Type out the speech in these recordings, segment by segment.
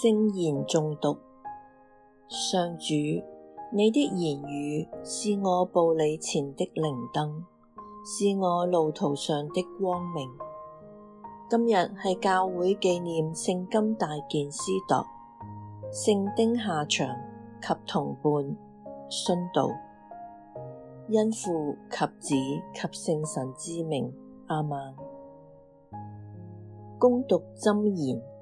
聖言誦讀。上主，你的言語是我步履前的靈燈，是我路途上的光明。今日係教會紀念聖金大建司鐸、聖丁夏祥及同伴殉道，因父及子及聖神之名，阿曼。恭讀箴言。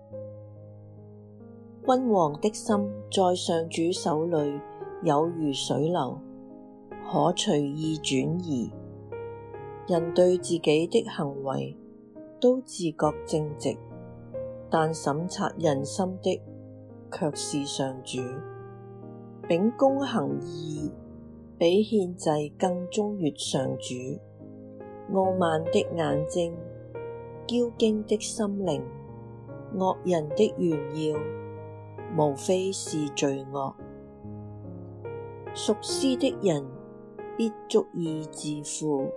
君王的心在上主手裏，有如水流，可隨意轉移。人對自己的行為都自覺正直，但審察人心的却是上主。秉公行義，比獻祭更中悅上主。傲慢的眼睛，驕矜的心靈，惡人的炫耀。無非是罪惡，熟思的人必足以致富，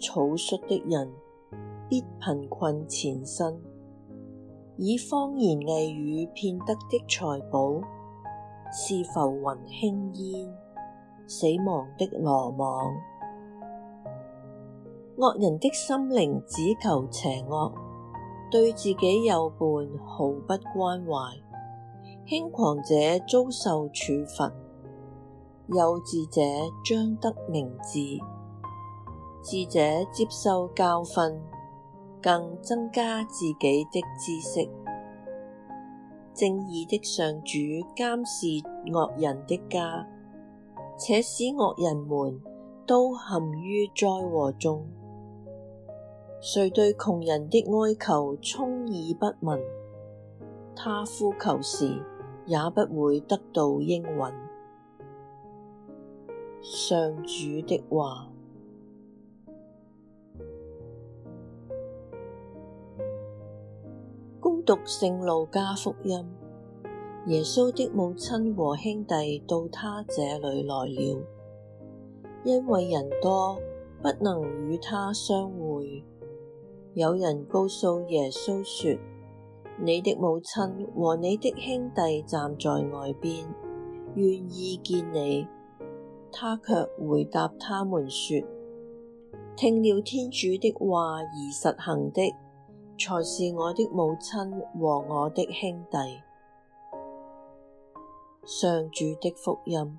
草率的人必貧困纏身。以謊言偽語騙得的財寶是浮雲輕煙，死亡的羅網。惡人的心靈只求邪惡，對自己友伴毫不關懷。輕狂者遭受處罰，幼稚者將得明智，智者接受教訓，更增加自己的知識。正義的上主監視惡人的家，且使惡人們都陷於災禍中。誰對窮人的哀求充耳不聞，他呼求時，也不會得到應允。上主的話：恭讀聖路加福音，耶穌的母親和兄弟到他這裏來了，因為人多，不能與他相會。有人告訴耶穌說。你的母親和你的兄弟站在外邊，願意見你。他却回答他們說：聽了天主的話而實行的，才是我的母親和我的兄弟。上主的福音。